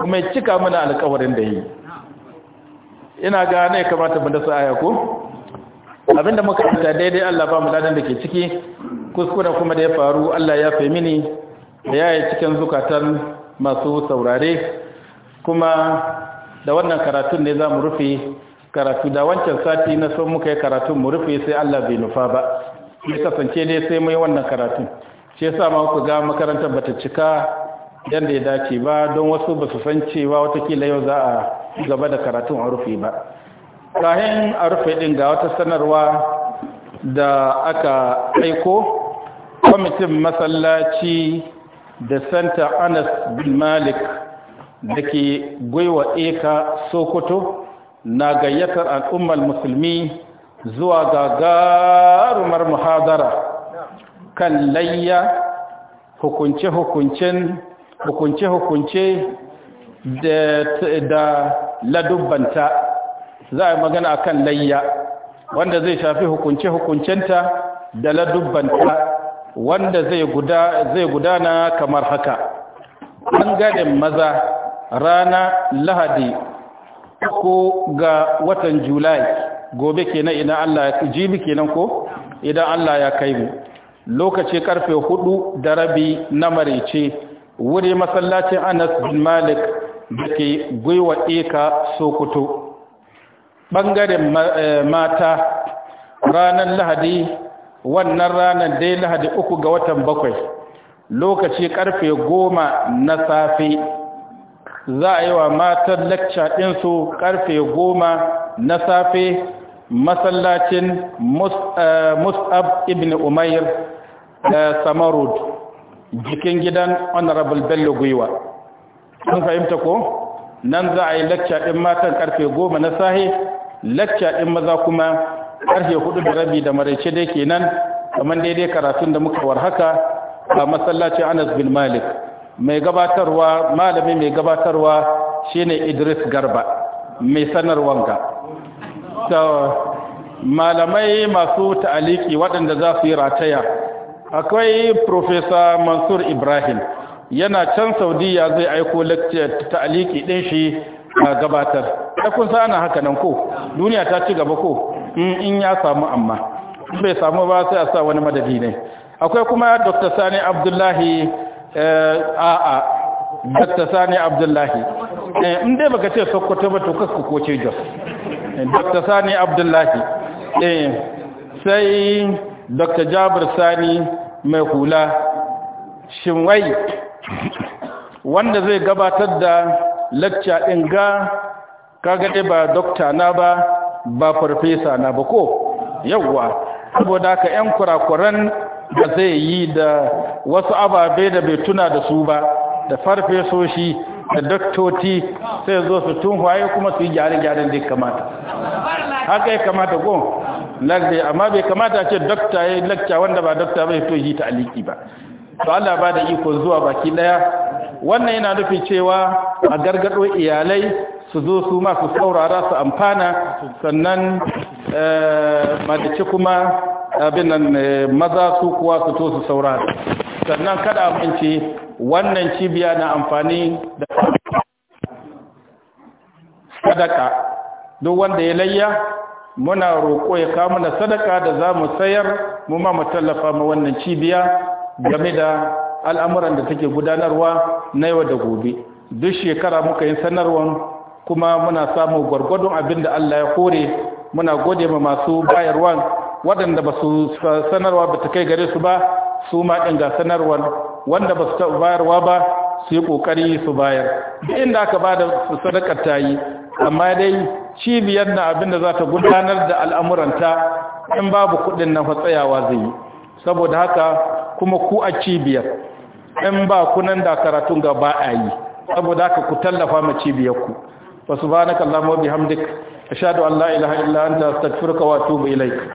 kuma cika mana alƙawarin da yi ina ga ne kamata mu da sa aya ko Abin da muka fita daidai Allah ba mu da ke ciki kuskure kuma da ya faru Allah ya fi mini da ya yi cikin zukatan masu saurare kuma da wannan karatun ne za mu rufe karatu da wancan sati na so muka yi karatun mu rufe sai Allah bai nufa ba ya kasance ne sai mu yi wannan karatu shi yasa ma ku ga makarantar bata cika yadda ya dace ba don wasu ba su san cewa watakila yau za a gaba da karatun a rufe ba kayan a rufe ɗin ga wata sanarwa da aka aiko kwamitin masallaci da santa anas bin malik da ke gwaiwa eka sokoto na gayyatar al'ummar musulmi zuwa gagarumar muhadara kan layya hukunce-hukunce da ladubbanta za a yi magana akan layya wanda zai shafi hukunce-hukuncenta da ladubbanta wanda zai gudana kamar haka An gane maza rana lahadi ko ga watan julai gobe kenan idan allah ya jibi kenan ko idan allah ya kai mu lokaci karfe hudu da rabi na marece wuri masallacin anas bin malik da ke gwiwa eka sokoto ɓangaren eh, mata ranar lahadi wannan ranar dai lahadi uku ga watan bakwai lokaci karfe goma na safe za a yi wa matan lakca ɗinsu karfe goma na safe masallacin eh, mus'ab ibn umair da samarud jikin gidan honorable bello gwiwa sun fahimta ko? nan za a yi lacca ɗin matan ƙarfe goma na sahe lacca ɗin maza kuma ƙarfe hudu da rabi da maraice dai kenan kamar daidai karatun da muka war haka a masallacin anas bin malik mai gabatarwa malami mai gabatarwa shine idris garba mai sanarwar ga malamai masu ta'aliki waɗanda za su yi rataya akwai profesa mansur ibrahim yana can saudiya zai aiko lecture ta aliki din shi a gabatar ta kun sa ana haka nan ko duniya ta ci gaba ko in ya samu amma bai samu ba sai a sa wani madadi ne akwai kuma dr sani abdullahi eh, a'a dr sani abdullahi eh, in dai baka ce sokoto ba to kasu ko ce jos eh, dr sani abdullahi sai dr jabir sani mai hula shinwai wanda zai gabatar da lacca ɗin ga kagade ba dokta na ba ba farfesa na ba ko yawwa saboda ka 'yan kurakuran da zai yi da wasu ababe da bai tuna da su ba da farfesoshi da doktoti sai zo su tun waye kuma su yi gyare gyare da ya kamata haka ya kamata ko lagde amma bai kamata ce dokta ya yi lakta wanda ba dokta bai to yi ta aliki ba to Allah ba da iko zuwa baki daya wannan yana nufin cewa a gargado iyalai su zo su ma saurara su amfana sannan eh, madace kuma abin nan eh, maza su kuwa su to su saurara sannan kada amince wannan cibiya na amfani da sadaka duk wanda ya layya muna roƙo ya kawo mana sadaka da za mu sayar mu ma mu tallafa ma wannan cibiya game da al'amuran da take gudanarwa na yau da gobe duk shekara muka yi sanarwar kuma muna samun gwargwadon abin da Allah ya kore muna gode ma masu bayarwa waɗanda ba su sanarwa ba ta kai gare su ba su ma ɗin ga sanarwan wanda ba su bayarwa ba su yi ƙoƙari su bayar inda aka ba da sadakar ta yi amma dai cibiyar na abin da za ta gudanar da al'amuranta in babu kuɗin na tsayawa zai yi saboda haka kuma ku a cibiyar in ba ku nan da karatu ga ba a yi saboda haka ku tallafa ma cibiyarku wa subhanaka allahumma wa bihamdik ashhadu an la ilaha illa tafi astaghfiruka wa